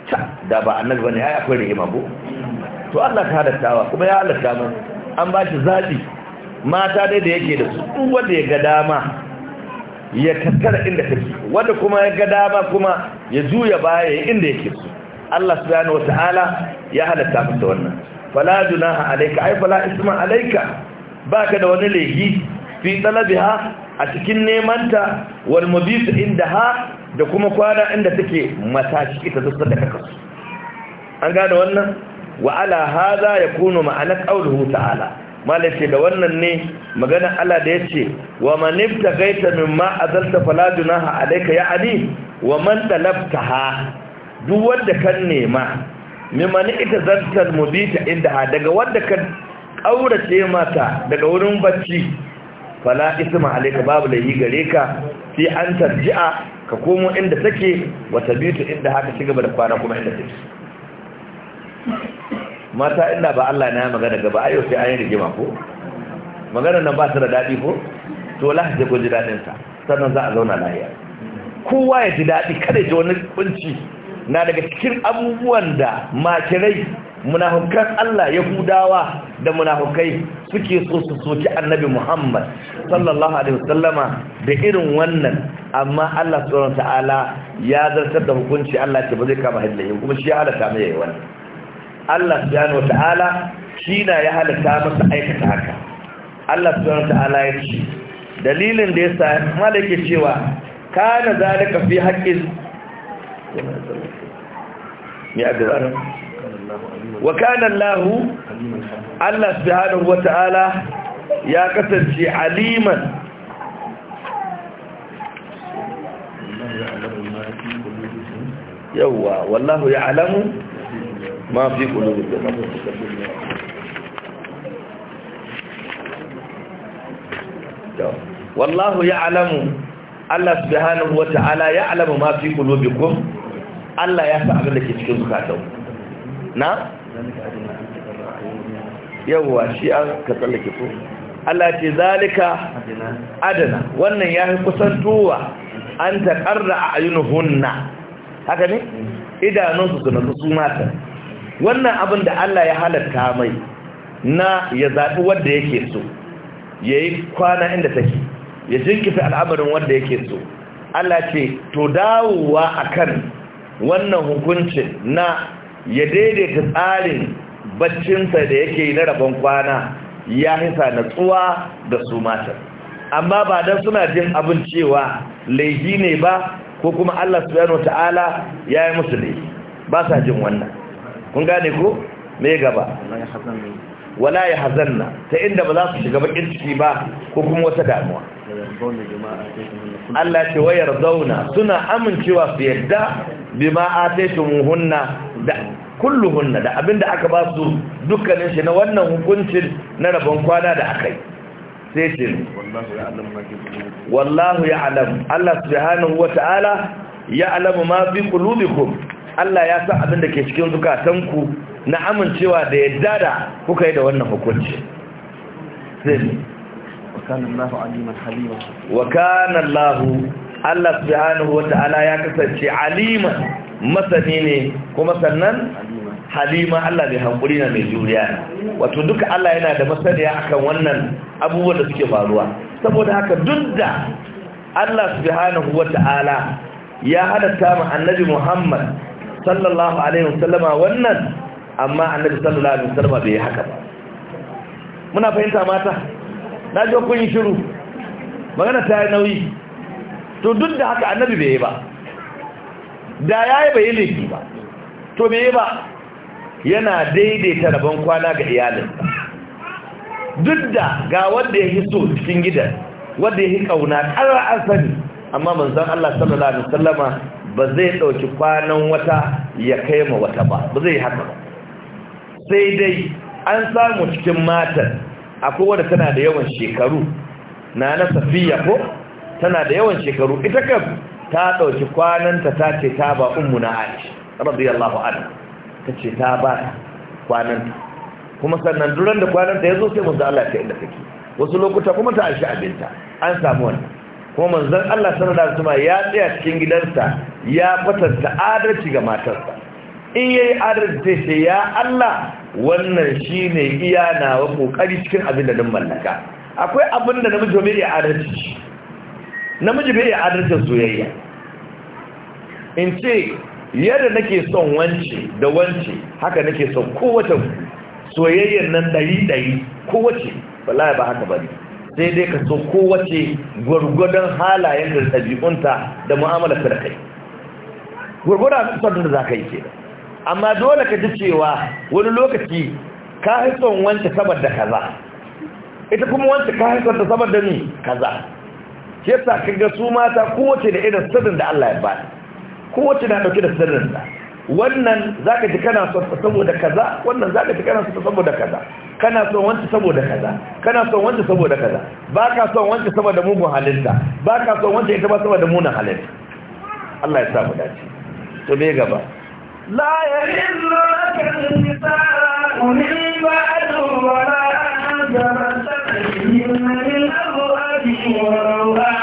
B: ta da ba annabi bane ai akwai rigima ko to Allah ta halattawa kuma ya halatta mu an ba shi zabi mata dai da yake da su duk wanda ya ga dama ya tattara inda take wanda kuma ya ga dama kuma ya juya baya inda yake so Allah subhanahu wataala ya halatta masa wannan fala junaha alayka ay fala isma alayka baka da wani laifi fi talabiha a cikin nemanta wal inda indaha da kuma kwana inda take matashi ita duk da kaka an gane wannan wa ala hadha yakunu ma'ana qawluhu ta'ala malaka da wannan ne magana Allah da yace wa man ibtagaita mimma azalta fala junaha alayka ali wa man talabtaha duk wanda kan nema mimman ita zartar mubita inda ha daga wanda ka ƙaurace mata daga wurin bacci fala isma alayka babu yi gare ka sai an tarji'a ka komo inda take wata bitu inda haka shi gaba da kwana kuma inda take mata inda ba Allah na magana gaba ayo sai an yi rigima ko magana nan ba ta da daɗi ko to la ji ko ji daɗin sa sannan za a zauna lafiya kowa ya ji daɗi kada ya ji wani kunci na daga cikin abubuwan da makirai munafukan Allah Yahudawa da munafukai suke so su soki Annabi Muhammad sallallahu alaihi wasallama da irin wannan amma Allah subhanahu ta'ala ya zartar da hukunci Allah ce ba zai kama hadda kuma shi ya halatta mai yayi wannan Allah subhanahu ta'ala shi na ya halatta masa aikata haka Allah subhanahu ta'ala ya ce dalilin da yasa malaka cewa kana zalika fi haqqi ya gabar wa kana Allah Allah subhanahu wa ta'ala ya kasance aliman yawa Allah ya sa abin da ke cikin zukatan na yawwa shi an ka tsallake ko Allah ce zalika adana wannan ya fi kusantowa an taƙarra a ayyunuhunna haka ne idanunsu su suna su mata wannan abin da Allah ya halatta mai na ya zaɓi wadda yake so ya yi kwana inda take ya jinkita al'amarin wadda yake so Allah ce to dawowa akan wannan hukuncin na ya daidaita tsarin baccinsa da yake na rabon kwana ya hisa natsuwa da su matan amma ba don suna jin abin cewa laifi ne ba ko kuma Allah yano ta'ala ya yi musu laifi ba sa jin wannan kun gane ko me gaba wala ya hazanna ta inda ba za su shiga bakin ciki ba ko kuma wata damuwa Allah ce wayar zauna suna amincewa su yadda bima ataytumuhunna da kulluhunna da abinda aka ba su dukkanin shi na wannan hukuncin na rabon kwana da akai sai ce wallahu ya'lam Allah subhanahu wata'ala ya'lamu ma fi qulubikum Allah ya san abinda ke cikin zukatanku na amincewa da yadda da kuka yi da wannan hukunci sai وكان الله عليما حليما Allah subhanahu wata'ala ya kasance alima masani ne kuma sannan halima Allah mai hankuri na mai juriya wato duka Allah yana da masaniya akan wannan abubuwan da suke faruwa saboda haka duk da Allah subhanahu wata'ala ya halatta mu annabi Muhammad sallallahu alaihi wasallama wannan amma annabi sallallahu alaihi wasallama bai haka ba muna fahimta mata na ji kun yi shiru magana ta yi nauyi to duk da haka annabi bai yi ba da ya yi bai yi laifi ba to bai yi ba yana daidaita rabon kwana ga iyalinsa duk da ga wanda ya so cikin gidan wanda ya yi kauna ƙarar an sani amma manzan Allah sallallahu Alaihi wasallama ba zai ɗauki kwanan wata ya kai ma wata ba ba zai haka ba sai dai an samu cikin matan akwai wadda tana da yawan shekaru na na safiya ko tana da yawan shekaru ita kan ta ɗauki kwananta ta ce ta ba ummu na aisha radiyallahu anha ta ce ta ba kwananta kuma sannan duran da kwananta ya zo sai manzo Allah ta inda take wasu lokuta kuma ta aisha abinta an samu wannan kuma manzon Allah sallallahu alaihi wasallam ya tsaya cikin gidansa ya fatanta adalci ga matarsa in yayi adalci sai ya Allah wannan shine iya nawa kokari cikin abin da nan mallaka akwai abin da namiji bai adalci namiji bai iya adalcin soyayya in ce yadda nake son wance da wance haka nake son kowace soyayyar nan ɗari-ɗari kowace balaya ba haka ba sai dai ka so kowace gwargwadon halayen da ɗabi'unta da mu'amalarta da kai gwargwadon son da za ka yi ke amma dole ka ji cewa wani lokaci ka fi wance saboda kaza ita kuma wance ka fi ta saboda ni kaza yasa ka ga su mata kowace da irin sirrin da Allah ya ba kowace na dauke da sirrin da wannan zaka ji kana son ta saboda kaza wannan zaka ji kana so ta saboda kaza kana son wanda saboda kaza kana son wanda saboda kaza baka son wanda saboda mugun halinta baka son wanda ita ba saboda munan halinta Allah ya sa mu dace to me gaba
A: لا يحل لك النساء من بعد ولا أن تمسك بهن من wa والأولاد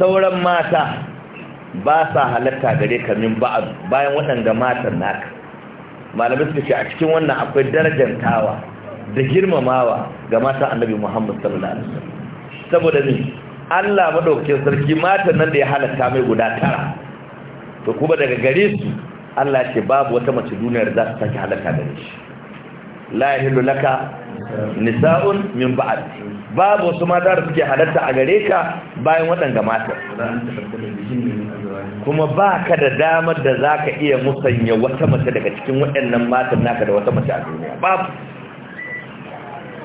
B: sauran mata ba sa halatta gare ka min ba'ad bayan waɗanda matan naka malamai su ce a cikin wannan akwai darajar tawa da girmamawa ga mata annabi Muhammad sallallahu alaihi wasallam saboda ni Allah madaukakin sarki matan nan da ya halatta mai guda tara to kuma daga gare su Allah ce babu wata mace duniyar za ta sake halatta gare shi la ilaha illallah nisa'un min ba'ad babu wasu mata da suke halatta a gare ka bayan waɗanga mata kuma ba ka da damar da za ka iya musanya wata mace daga cikin waɗannan matan naka da wata mace a duniya babu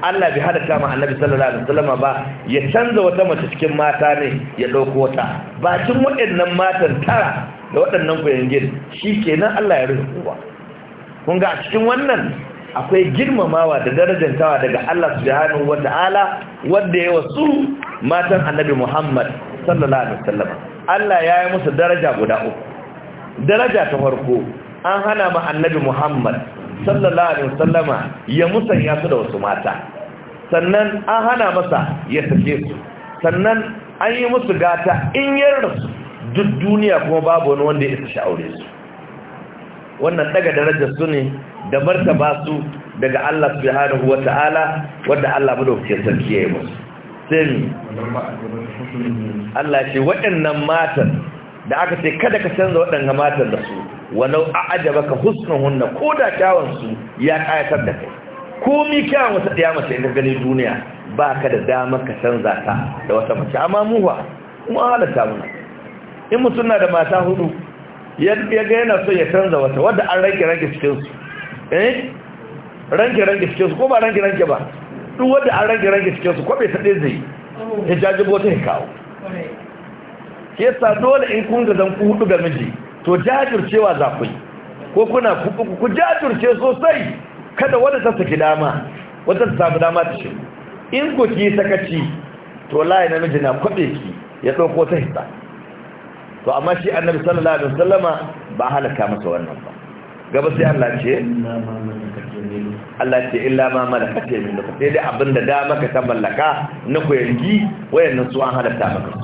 B: Allah bai halatta ma annabi sallallahu alaihi wasallam ba ya canza wata mace cikin mata ne ya dauko wata bakin waɗannan matan tara da waɗannan kuyangin shikenan Allah ya rufe kowa kun ga a cikin wannan akwai girmamawa da darajantawa daga Allah subhanahu wata'ala wanda ya wasu matan annabi Muhammad sallallahu alaihi wasallam Allah ya yi musu daraja guda uku daraja ta farko an hana ma annabi Muhammad sallallahu alaihi ya musanya su da wasu mata sannan an hana masa ya sake su sannan an yi musu gata in yarda su duk duniya kuma babu wani wanda ya isa shi aure su wannan daga darajar su ne da martaba su daga Allah subhanahu wata'ala wanda Allah madaukakin sarki ya yi musu sai mi Allah ce waɗannan matan da aka ce kada ka canza waɗannan matan da su walau a'jabaka husnuhunna ko da kyawun su ya kayatar da kai komi kyawun wata ɗaya mace in gani duniya ba ka da damar ka canza ta da wata mace amma muwa mu halatta muna in mutum na da mata hudu ya ga yana so ya canza wata wadda an ranke-ranke cikinsu eh ranke-ranke cikinsu ko ba ranke-ranke ba duk wadda an ranke-ranke cikinsu ko bai taɗe zai oh. ya jaji bota ya kawo ke sa dole in kun gazan ku hudu ga miji to jajircewa za ku ko kuna ku jajirce sosai kada wadda ta saki dama wadda ta samu dama ta shi in ku ki sakaci to layi miji na kwaɓe ki ya ɗauko ta hita to amma shi annabi sallallahu alaihi wasallama ba halaka masa wannan ba gaba sai Allah ce Allah ce illa ma min yaminuka sai dai abinda da maka ta mallaka na koyangi wayannan su an halatta maka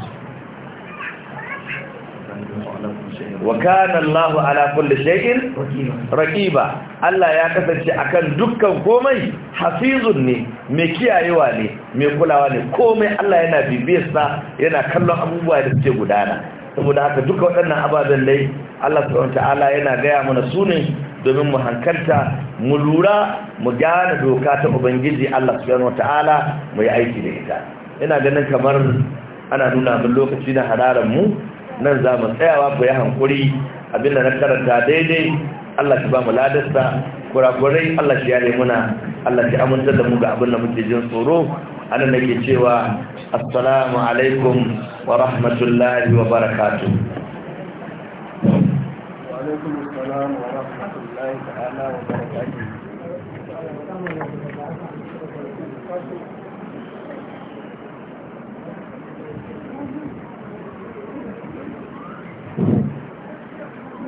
B: wa kana Allahu ala kulli shay'in raqiba Allah ya kasance akan dukkan komai hafizun ne mai kiyayewa ne mai kulawa ne komai Allah yana bibiyarsa yana kallon abubuwa da suke gudana saboda haka duka waɗannan ababen dai Allah subhanahu yana gaya mana su domin mu hankalta mu lura mu gane doka ta ubangiji Allah subhanahu ta'ala mu yi aiki da ita ina ganin kamar ana nuna min lokaci na hararan mu nan za mu tsayawa ku yi hankuri abin da na karanta daidai Allah shi ba mu ladarsa kurakurai Allah shi yare muna Allah shi amintar da mu ga abin da muke jin tsoro ana nake cewa assalamu alaikum wa rahmatullahi wa barakatu.
A: wa alaikum wa rahmatullahi wa barakatuh